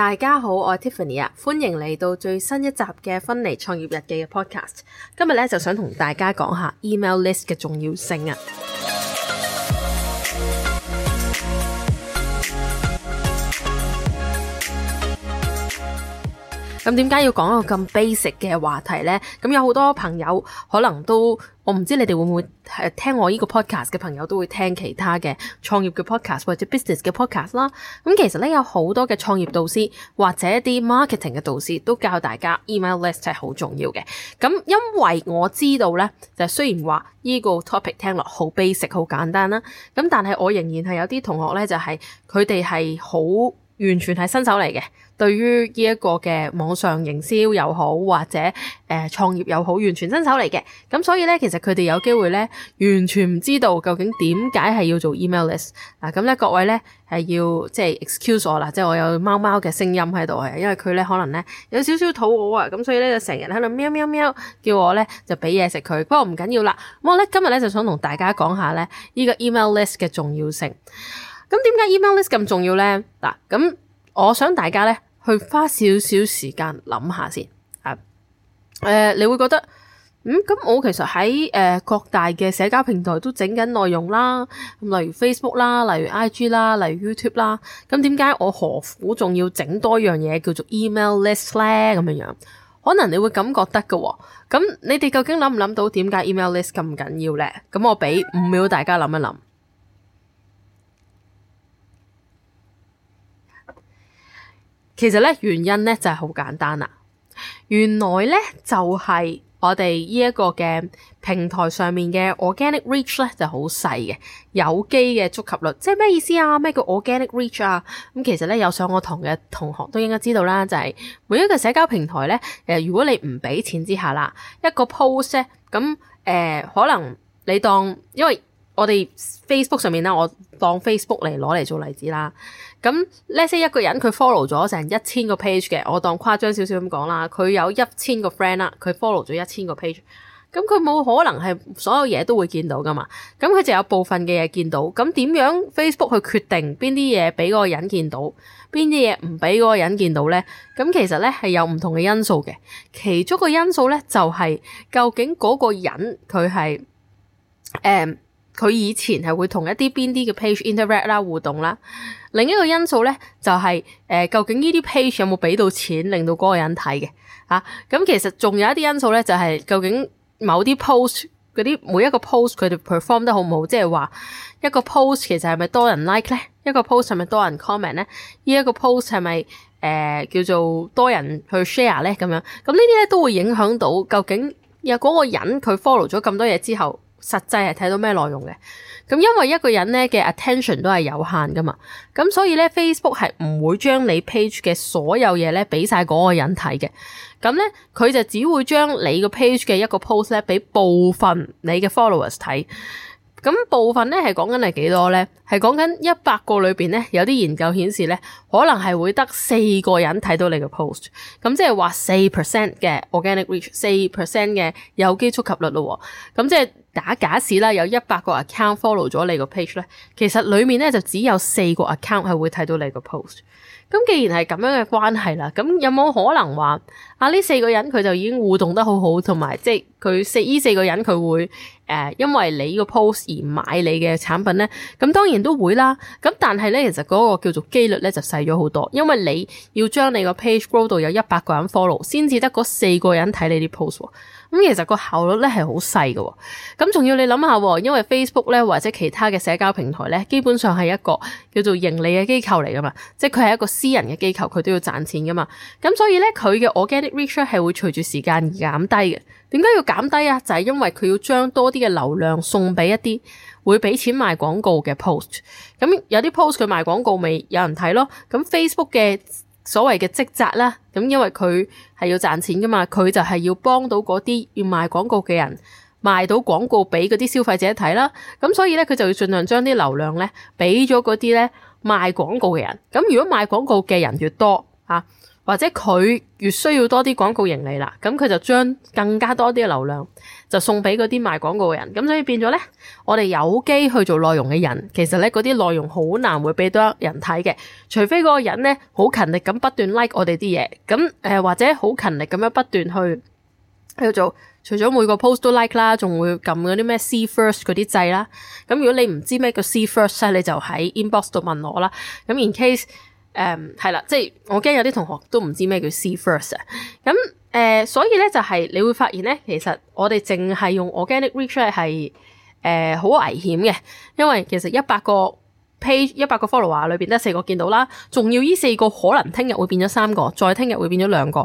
大家好，我係 Tiffany 啊，歡迎嚟到最新一集嘅《Finnie's 創業日記》嘅 Podcast。今日咧就想同大家講下 Email List 嘅重要性啊。咁點解要講一個咁 basic 嘅話題呢？咁有好多朋友可能都，我唔知你哋會唔會誒聽我呢個 podcast 嘅朋友都會聽其他嘅創業嘅 podcast 或者 business 嘅 podcast 啦。咁其實呢，有好多嘅創業導師或者一啲 marketing 嘅導師都教大家 email list 係好重要嘅。咁因為我知道呢，就雖然話呢個 topic 聽落好 basic，好簡單啦，咁但係我仍然係有啲同學呢，就係佢哋係好。完全係新手嚟嘅，對於呢一個嘅網上營銷又好，或者誒、呃、創業又好，完全新手嚟嘅。咁所以呢，其實佢哋有機會呢，完全唔知道究竟點解係要做 email list 嗱。咁、啊、呢、嗯，各位呢，係要即係 excuse 我啦，即係我有貓貓嘅聲音喺度啊，因為佢呢，可能呢，有少少肚餓啊，咁所以呢，就成日喺度喵喵喵喵叫我呢，就俾嘢食佢。不過唔緊要啦，咁我呢，今日呢，就想同大家講下呢，呢、這個 email list 嘅重要性。咁點解 email list 咁重要呢？嗱，咁我想大家呢，去花少少時間諗下先啊。你會覺得，嗯，咁我其實喺誒、呃、各大嘅社交平台都整緊內容啦，例如 Facebook 啦，例如 IG 啦，例如 YouTube 啦，咁點解我何苦仲要整多一樣嘢叫做 email list 呢？咁樣樣，可能你會咁覺得嘅喎、哦。咁你哋究竟諗唔諗到點解 email list 咁緊要呢？咁我俾五秒大家諗一諗。其實咧原因咧就係、是、好簡單啦，原來咧就係、是、我哋呢一個嘅平台上面嘅 organic reach 咧就好細嘅，有機嘅觸及率，即係咩意思啊？咩叫 organic reach 啊？咁、嗯、其實咧有上我堂嘅同學都應該知道啦，就係、是、每一個社交平台咧，誒、呃，如果你唔俾錢之下啦，一個 post 咁、嗯、誒、呃，可能你當因為。我哋 Facebook 上面啦，我當 Facebook 嚟攞嚟做例子啦。咁呢，例如一個人佢 follow 咗成一千個 page 嘅，我當誇張少少咁講啦。佢有一千個 friend 啦，佢 follow 咗一千個 page。咁佢冇可能係所有嘢都會見到噶嘛？咁佢就有部分嘅嘢見到。咁點樣 Facebook 去決定邊啲嘢俾嗰個人見到，邊啲嘢唔俾嗰個人見到咧？咁其實咧係有唔同嘅因素嘅。其中個因素咧就係、是、究竟嗰個人佢係誒。佢以前係會同一啲邊啲嘅 page interact 啦、互動啦。另一個因素咧就係、是、誒、呃，究竟呢啲 page 有冇俾到錢令到嗰個人睇嘅？嚇、啊，咁、嗯、其實仲有一啲因素咧，就係、是、究竟某啲 post 嗰啲每一個 post 佢哋 perform 得好唔好？即係話一個 post 其實係咪多人 like 咧？一個 post 係咪多人 comment 咧？呢一個 post 係咪誒叫做多人去 share 咧？咁樣咁、嗯、呢啲咧都會影響到究竟有嗰個人佢 follow 咗咁多嘢之後。實際係睇到咩內容嘅？咁因為一個人咧嘅 attention 都係有限㗎嘛，咁所以咧 Facebook 係唔會將你 page 嘅所有嘢咧俾曬嗰個人睇嘅。咁咧佢就只會將你個 page 嘅一個 post 咧俾部分你嘅 followers 睇。咁部分咧係講緊係幾多咧？係講緊一百個裏邊咧，有啲研究顯示咧，可能係會得四個人睇到你個 post。咁即係話四 percent 嘅 organic reach，四 percent 嘅有機觸及率咯。咁即係打假使啦，有一百個 account follow 咗你個 page 咧，其實裡面咧就只有四個 account 係會睇到你個 post。咁既然係咁樣嘅關係啦，咁有冇可能話？啊！呢四個人佢就已經互動得好好，同埋即係佢四依四個人佢會誒、呃、因為你依個 post 而買你嘅產品咧，咁當然都會啦。咁但係咧，其實嗰個叫做機率咧就細咗好多，因為你要將你個 page grow 到有一百個人 follow 先至得嗰四個人睇你啲 post 喎。咁其實個效率咧係好細嘅喎。咁仲要你諗下喎，因為 Facebook 咧或者其他嘅社交平台咧，基本上係一個叫做盈利嘅機構嚟㗎嘛，即係佢係一個私人嘅機構，佢都要賺錢㗎嘛。咁所以咧，佢嘅 organic reach 係會隨住時間而減低嘅，點解要減低啊？就係因為佢要將多啲嘅流量送俾一啲會俾錢賣廣告嘅 post，咁有啲 post 佢賣廣告咪有人睇咯，咁 Facebook 嘅所謂嘅職責啦，咁因為佢係要賺錢噶嘛，佢就係要幫到嗰啲要賣廣告嘅人賣到廣告俾嗰啲消費者睇啦，咁所以咧佢就要盡量將啲流量咧俾咗嗰啲咧賣廣告嘅人，咁如果賣廣告嘅人越多啊。或者佢越需要多啲廣告盈利啦，咁佢就將更加多啲嘅流量就送俾嗰啲賣廣告嘅人，咁所以變咗咧，我哋有機去做內容嘅人，其實咧嗰啲內容好難會俾多人睇嘅，除非嗰個人咧好勤力咁不斷 like 我哋啲嘢，咁誒、呃、或者好勤力咁樣不斷去叫做除咗每個 post 都 like 啦，仲會撳嗰啲咩 see first 嗰啲掣啦。咁如果你唔知咩叫 see first 咧，你就喺 inbox 度問我啦。咁 in case。誒係啦，即係我驚有啲同學都唔知咩叫 See First 啊，咁誒、呃、所以咧就係、是、你會發現咧，其實我哋淨係用 organic reach 係好、呃、危險嘅，因為其實一百個。page 一百個 follow 啊，裏邊得四個見到啦。仲要呢四個可能聽日會變咗三個，再聽日會變咗兩個。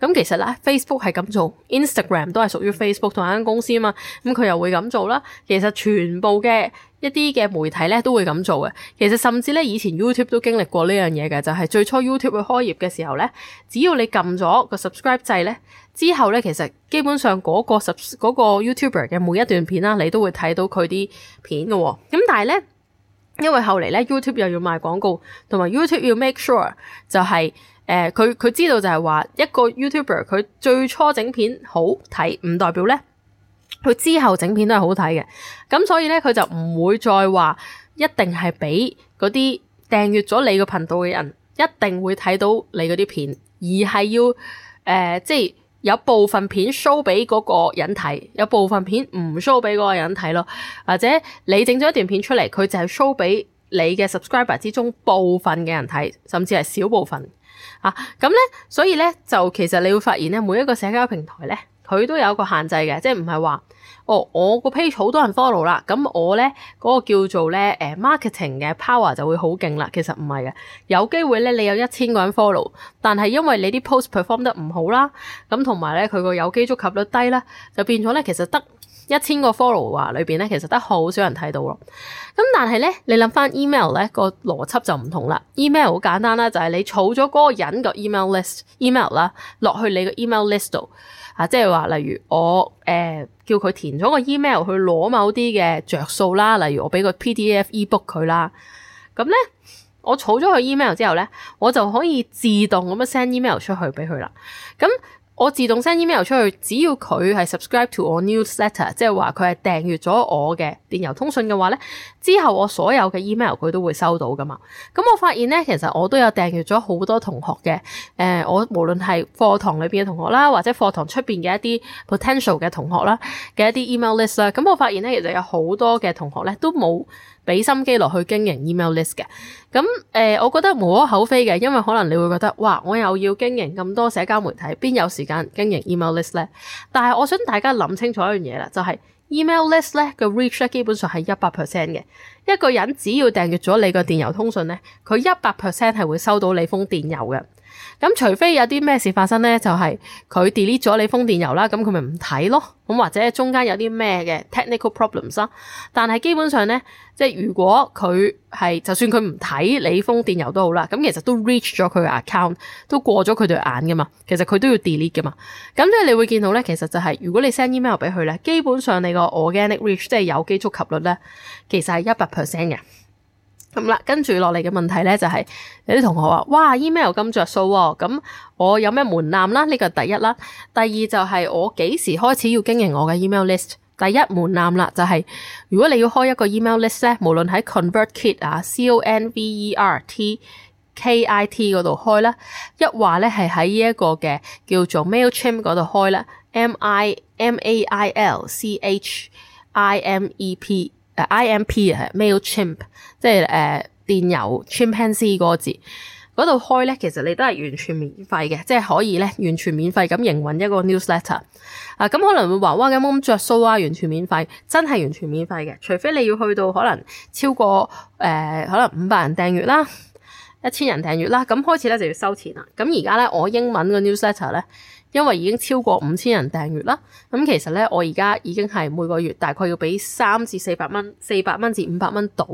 咁其實咧，Facebook 係咁做，Instagram 都係屬於 Facebook 同一間公司啊嘛。咁、嗯、佢又會咁做啦。其實全部嘅一啲嘅媒體咧都會咁做嘅。其實甚至咧，以前 YouTube 都經歷過呢樣嘢嘅，就係、是、最初 YouTube 去開業嘅時候咧，只要你撳咗個 subscribe 掣咧，之後咧其實基本上嗰個 sub 嗰個 YouTuber 嘅每一段片啦，你都會睇到佢啲片嘅喎。咁但係咧。因為後嚟咧，YouTube 又要賣廣告，同埋 YouTube 要 make sure 就係、是、誒，佢、呃、佢知道就係話一個 YouTuber 佢最初整片好睇，唔代表咧佢之後整片都係好睇嘅。咁所以咧，佢就唔會再話一定係俾嗰啲訂閱咗你個頻道嘅人一定會睇到你嗰啲片，而係要誒、呃、即係。有部分片 show 俾嗰個人睇，有部分片唔 show 俾嗰個人睇咯，或者你整咗一段片出嚟，佢就係 show 俾你嘅 subscriber 之中部分嘅人睇，甚至係少部分啊。咁咧，所以咧就其實你會發現咧，每一個社交平台咧，佢都有一個限制嘅，即係唔係話。哦，oh，我個 page 好多人 follow 啦，咁我咧嗰、嗰個叫做咧誒、啊、marketing 嘅 power 就會好勁啦。其實唔係嘅，有機會咧你有一千個人 follow，但係因為你啲 post perform 得唔好啦，咁同埋咧佢個有機觸及率低咧，就變咗咧其實得一千個 follow 啊，裏邊咧其實得好少人睇到咯。咁但係咧你諗翻 email 咧，嗰個邏輯就唔同啦。email 好簡單啦，就係、是、你儲咗嗰個人個 email list email 啦落去你個 email list 度。啊，即係話，例如我誒、呃、叫佢填咗個 email 去攞某啲嘅着數啦，例如我俾個 PDF e-book 佢啦，咁咧我儲咗佢 email 之後咧，我就可以自動咁樣 send email 出去俾佢啦，咁。我自動 send email 出去，只要佢係 subscribe to 我 newsletter，即係話佢係訂閲咗我嘅電郵通訊嘅話呢，之後我所有嘅 email 佢都會收到噶嘛。咁我發現呢，其實我都有訂閲咗好多同學嘅，誒、呃，我無論係課堂裏邊嘅同學啦，或者課堂出邊嘅一啲 potential 嘅同學啦，嘅一啲 email list 啦，咁我發現呢，其實有好多嘅同學呢都冇，俾心機落去經營 email list 嘅，咁誒、呃，我覺得無可厚非嘅，因為可能你會覺得，「哇，我又要經營咁多社交媒體，邊有時間經營 email list 呢？」但係我想大家諗清楚一樣嘢啦，就係、是、email list 咧個 reach 基本上係一百 percent 嘅，一個人只要訂閲咗你個電郵通訊咧，佢一百 percent 係會收到你封電郵嘅。咁除非有啲咩事發生咧，就係佢 delete 咗你封電郵啦，咁佢咪唔睇咯。咁或者中間有啲咩嘅 technical problems 啦。但係基本上咧，即係如果佢係就算佢唔睇你封電郵都好啦，咁其實都 reach 咗佢 account，都過咗佢對眼㗎嘛，其實佢都要 delete 噶嘛。咁即係你會見到咧，其實就係如果你 send email 俾佢咧，基本上你個 organic reach 即係有機觸及率咧，其實係一百 percent 嘅。咁啦，跟住落嚟嘅問題咧，就是，就係有啲同學話，哇，email 咁着數喎，咁、嗯、我有咩門檻啦？呢個第一啦，第二就係我幾時開始要經營我嘅 email list？第一門檻啦，就係、是、如果你要開一個 email list 咧，無論喺 convert kit 啊，C O N V E R T K I T 嗰度開啦，一話咧係喺呢一個嘅叫做 mailchimp 嗰度開啦，M I M A I L C H I M E P。I M P 啊，Mailchimp，即係誒、呃、電郵 Chimpanzee 嗰個字，嗰度、e、開咧，其實你都係完全免費嘅，即係可以咧完全免費咁營運一個 newsletter 啊，咁、嗯、可能會話哇咁咁著數啊，完全免費，真係完全免費嘅，除非你要去到可能超過誒、呃、可能五百人訂閱啦，一千人訂閱啦，咁、嗯、開始咧就要收錢啦，咁而家咧我英文個 newsletter 咧。因為已經超過五千人訂閱啦，咁其實咧，我而家已經係每個月大概要畀三至四百蚊，四百蚊至五百蚊到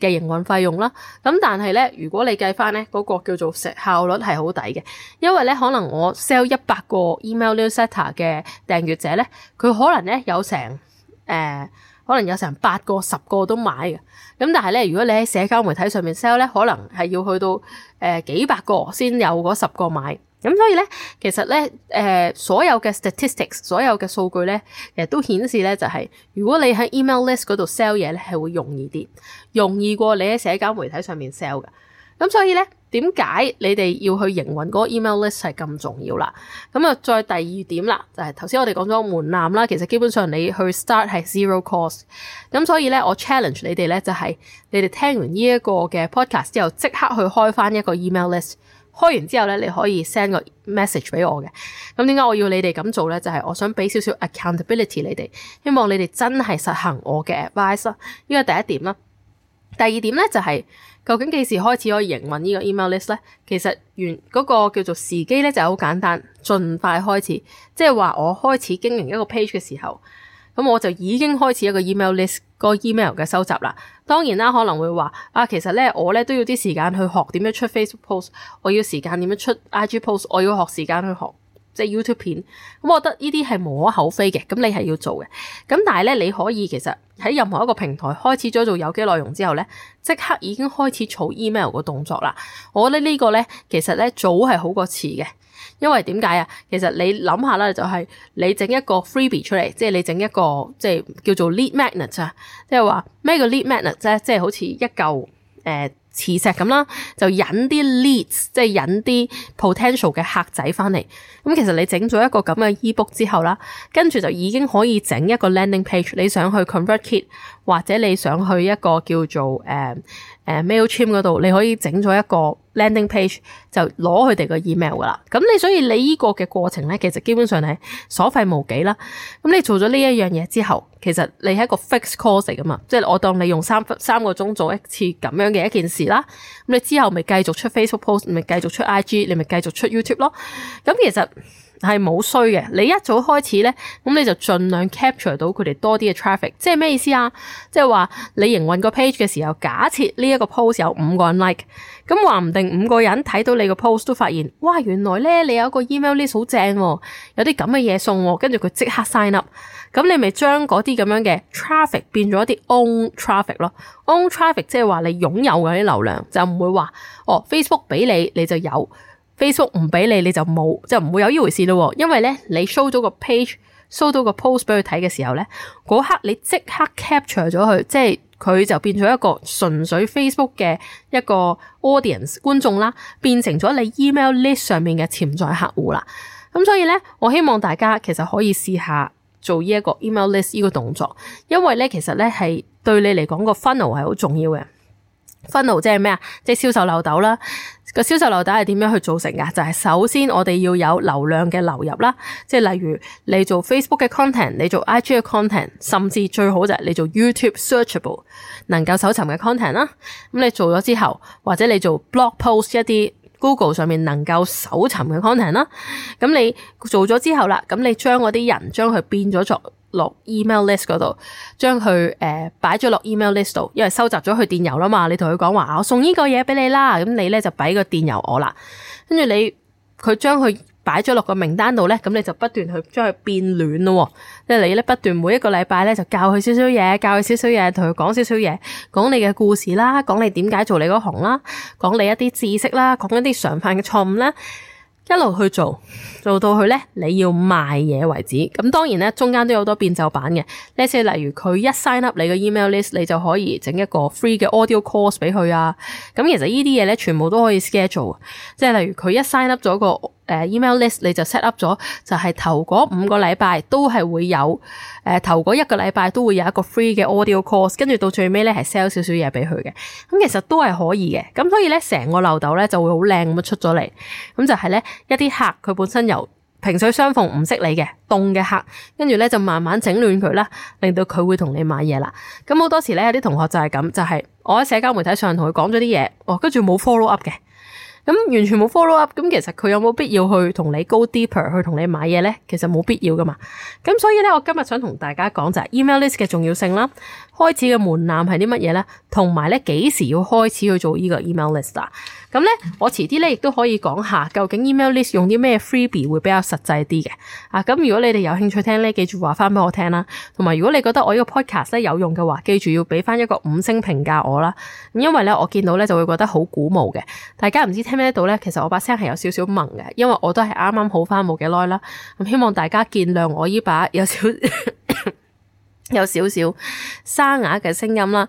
嘅營運費用啦。咁但係咧，如果你計翻咧，嗰、那個叫做成效率係好抵嘅，因為咧可能我 sell 一百個 email newsletter 嘅訂閱者咧，佢可能咧有成誒、呃，可能有成八個十個都買嘅。咁但係咧，如果你喺社交媒體上面 sell 咧，可能係要去到誒、呃、幾百個先有嗰十個買。咁所以咧，其實咧，誒、呃、所有嘅 statistics，所有嘅數據咧，其實都顯示咧就係，如果你喺 email list 嗰度 sell 嘢咧，係會容易啲，容易過你喺社交媒體上面 sell 嘅。咁所以咧，點解你哋要去營運嗰個 email list 係咁重要啦？咁啊，再第二點啦，就係頭先我哋講咗門檻啦。其實基本上你去 start 係 zero cost。咁所以咧，我 challenge 你哋咧就係，你哋聽完呢一個嘅 podcast 之後，即刻去開翻一個 email list。開完之後咧，你可以 send 個 message 俾我嘅。咁點解我要你哋咁做咧？就係我想俾少少 accountability 你哋，希望你哋真係實行我嘅 advice 啦。呢個第一點啦。第二點咧就係究竟幾時開始可以營運呢個 email list 咧？其實原嗰個叫做時機咧就好簡單，盡快開始。即係話我開始經營一個 page 嘅時候。咁我就已經開始一個 email list 個 email 嘅收集啦。當然啦，可能會話啊，其實咧我咧都要啲時間去學點樣出 Facebook post，我要時間點樣出 IG post，我要學時間去學。即係 YouTube 片，咁我覺得呢啲係無可厚非嘅，咁你係要做嘅。咁但係咧，你可以其實喺任何一個平台開始咗做有機內容之後咧，即刻已經開始儲 email 個動作啦。我覺得呢個咧，其實咧早係好過遲嘅，因為點解啊？其實你諗下啦，就係你整一個 freebie 出嚟，即係你整一個即係叫做 lead magnet 啊，即係話咩叫 lead magnet 啫？即係好似一嚿誒。磁石咁啦，就引啲 leads，即係引啲 potential 嘅客仔返嚟。咁其實你整咗一個咁嘅 ebook 之後啦，跟住就已經可以整一個 landing page。你想去 ConvertKit，或者你想去一個叫做誒。Uh, 誒、uh, Mailchimp 嗰度，你可以整咗一個 landing page，就攞佢哋個 email 噶啦。咁你所以你呢個嘅過程咧，其實基本上係所費無幾啦。咁你做咗呢一樣嘢之後，其實你係一個 fixed course 嚟噶嘛，即係我當你用三三個鐘做一次咁樣嘅一件事啦。咁你之後咪繼續出 Facebook post，咪繼續出 IG，你咪繼續出 YouTube 咯。咁其實。係冇衰嘅，你一早開始呢，咁你就盡量 capture 到佢哋多啲嘅 traffic，即係咩意思啊？即係話你營運個 page 嘅時候，假設呢一個 post 有五個人 like，咁話唔定五個人睇到你個 post 都發現，哇！原來呢？你有個 email list 好正喎、哦，有啲咁嘅嘢送、喎，跟住佢即刻 sign up，咁你咪將嗰啲咁樣嘅 traffic 變咗一啲 own traffic 咯，own traffic 即係話你擁有嘅啲流量，就唔會話哦 Facebook 俾你，你就有。Facebook 唔俾你，你就冇，就唔會有呢回事咯。因為咧，你 show 咗個 page，show 到個 post 俾佢睇嘅時候咧，嗰刻你即刻 capture 咗佢，即係佢就變咗一個純粹 Facebook 嘅一個 audience 觀眾啦，變成咗你 email list 上面嘅潛在客戶啦。咁所以咧，我希望大家其實可以試下做呢一個 email list 呢個動作，因為咧其實咧係對你嚟講個 funnel 係好重要嘅。funnel 即係咩啊？即係銷售漏斗啦。個銷售流態係點樣去做成㗎？就係首先我哋要有流量嘅流入啦，即係例如你做 Facebook 嘅 content，你做 IG 嘅 content，甚至最好就係你做 YouTube searchable 能夠搜尋嘅 content 啦。咁你做咗之後，或者你做 blog post 一啲 Google 上面能夠搜尋嘅 content 啦。咁你做咗之後啦，咁你將嗰啲人將佢變咗做落 email list 嗰度，將佢誒擺、呃、咗落 email list 度，因為收集咗佢電郵啦嘛。你同佢講話，我送個呢個嘢俾你啦，咁你咧就俾個電郵我啦。跟住你佢將佢擺咗落個名單度咧，咁你就不斷去將佢變暖咯。即係你咧不斷每一個禮拜咧就教佢少少嘢，教佢少少嘢，同佢講少少嘢，講你嘅故事啦，講你點解做你嗰行啦，講你一啲知識啦，講一啲常犯嘅錯誤咧。一路去做做到去呢，你要賣嘢為止。咁當然呢，中間都有好多變奏版嘅。呢些例如佢一 sign up 你個 email list，你就可以整一個 free 嘅 audio course 俾佢啊。咁其實呢啲嘢呢，全部都可以 schedule。即係例如佢一 sign up 咗個。Uh, email list 你就 set up 咗，就係、是、頭嗰五個禮拜都係會有，誒、呃、頭嗰一個禮拜都會有一個 free 嘅 audio course，跟住到最尾咧係 sell 少少嘢俾佢嘅，咁其實都係可以嘅，咁所以咧成個漏斗咧就會好靚咁樣出咗嚟，咁就係咧一啲客佢本身由萍水相逢唔識你嘅凍嘅客，跟住咧就慢慢整暖佢啦，令到佢會同你買嘢啦，咁好多時咧有啲同學就係咁，就係、是、我喺社交媒體上同佢講咗啲嘢，哦，跟住冇 follow up 嘅。咁完全冇 follow up，咁其實佢有冇必要去同你 go deeper 去同你買嘢呢？其實冇必要㗎嘛。咁所以呢，我今日想同大家講就係 email list 嘅重要性啦。開始嘅門檻係啲乜嘢呢？同埋呢幾時要開始去做呢個 email list 啊？咁呢，我遲啲呢亦都可以講下，究竟 email list 用啲咩 freebie 會比較實際啲嘅啊？咁如果你哋有興趣聽呢，記住話翻俾我聽啦。同埋如果你覺得我呢個 podcast 有用嘅話，記住要俾翻一個五星評價我啦。咁因為呢，我見到呢就會覺得好鼓舞嘅。大家唔知聽咩到呢？其實我把聲係有少少矇嘅，因為我都係啱啱好翻冇幾耐啦。咁希望大家見諒我呢把有少。 有少少沙啞嘅聲音啦，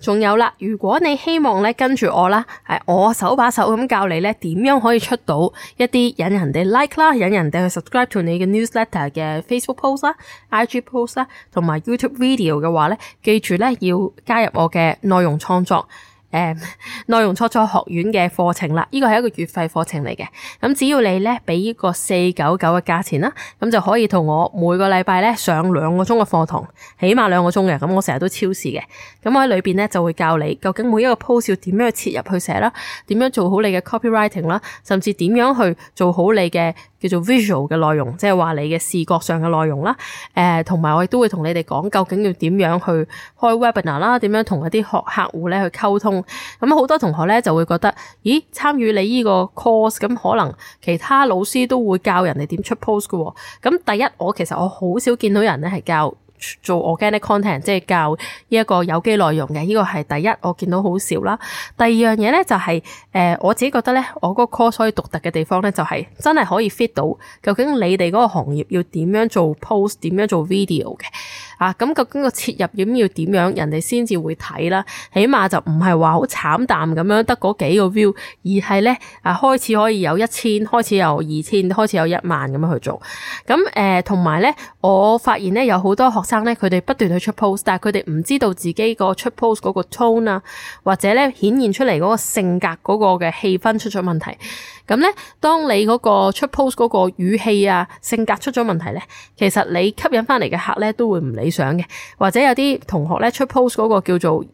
仲 有啦，如果你希望咧跟住我啦，係我手把手咁教你咧點樣可以出到一啲引人哋 like 啦，引人哋去 subscribe to 你嘅 newsletter 嘅 Facebook post 啦、IG post 啦，同埋 YouTube video 嘅話咧，記住咧要加入我嘅內容創作。誒，內、um, 容初初學院嘅課程啦，呢個係一個月費課程嚟嘅。咁只要你咧俾呢個四九九嘅價錢啦，咁就可以同我每個禮拜咧上兩個鐘嘅課堂，起碼兩個鐘嘅，咁我成日都超時嘅，咁我喺裏邊咧就會教你究竟每一個 post 點樣去切入去寫啦，點樣做好你嘅 copywriting 啦，甚至點樣去做好你嘅。叫做 visual 嘅內容，即係話你嘅視覺上嘅內容啦。誒、呃，同埋我亦都會同你哋講，究竟要點樣去開 webinar 啦？點樣同一啲學客戶咧去溝通？咁、嗯、好多同學咧就會覺得，咦？參與你呢個 course 咁、嗯，可能其他老師都會教人哋點出 post 嘅喎、哦。咁、嗯、第一，我其實我好少見到人咧係教。做 organic content，即係教呢一個有機內容嘅，呢個係第一，我見到好少啦。第二樣嘢咧就係、是，誒、呃，我自己覺得咧，我個 course 可以獨特嘅地方咧，就係、是、真係可以 fit 到究竟你哋嗰個行業要點樣做 post，點樣做 video 嘅。啊，咁究竟個切入點要點樣，人哋先至會睇啦。起碼就唔係話好慘淡咁樣得幾個 view，而係咧啊，開始可以有一千，開始有二千，開始有一萬咁樣去做。咁誒同埋咧，我發現咧有好多學生咧，佢哋不斷去出 post，但係佢哋唔知道自己個出 post 嗰個 tone 啊，或者咧顯現出嚟個性格嗰個嘅氣氛出咗問題，咁咧，當你嗰個出 post 嗰個語氣啊，性格出咗問題咧，其實你吸引翻嚟嘅客咧都會唔理想嘅，或者有啲同學咧出 post 嗰個叫做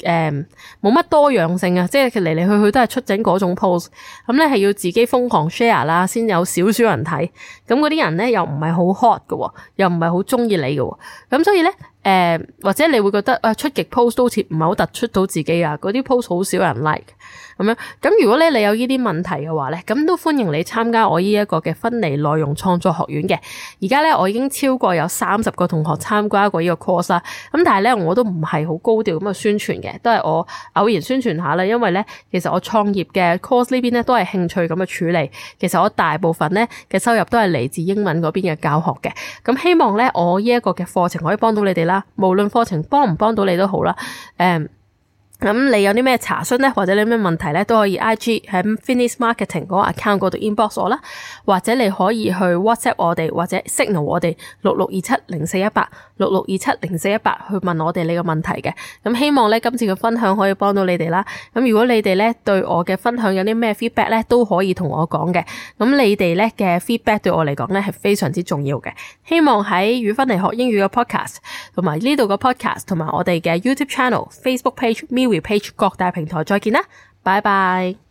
誒冇乜多樣性啊，即係嚟嚟去去都係出整嗰種 post，咁咧係要自己瘋狂 share 啦，先有少少人睇，咁嗰啲人咧又唔係好 hot 嘅，又唔係好中意你嘅，咁、嗯、所以咧。誒、呃、或者你會覺得啊、哎、出極 post 都好似唔係好突出到自己啊，嗰啲 post 好少人 like 咁樣。咁如果咧你有呢啲問題嘅話咧，咁都歡迎你參加我呢一個嘅分離內容創作學院嘅。而家咧我已經超過有三十個同學參加過呢個 course 啊，咁但係咧我都唔係好高調咁嘅宣傳嘅，都係我偶然宣傳下啦。因為咧其實我創業嘅 course 呢邊咧都係興趣咁嘅處理。其實我大部分咧嘅收入都係嚟自英文嗰邊嘅教學嘅。咁希望咧我呢一個嘅課程可以幫到你哋啦。無論課程幫唔幫到你都好啦，誒。咁你有啲咩查詢呢？或者你有咩問題呢？都可以 I G 喺 Finnies Marketing 個 account 度 inbox 我啦，或者你可以去 WhatsApp 我哋，或者 signal 我哋六六二七零四一八六六二七零四一八去問我哋你個問題嘅。咁希望呢，今次嘅分享可以幫到你哋啦。咁如果你哋呢，對我嘅分享有啲咩 feedback 呢，都可以同我講嘅。咁你哋呢嘅 feedback 對我嚟講呢，係非常之重要嘅。希望喺芬尼學英語嘅 podcast 同埋呢度嘅 podcast 同埋我哋嘅 YouTube channel、Facebook page、w page 各大平台，再見啦，拜拜。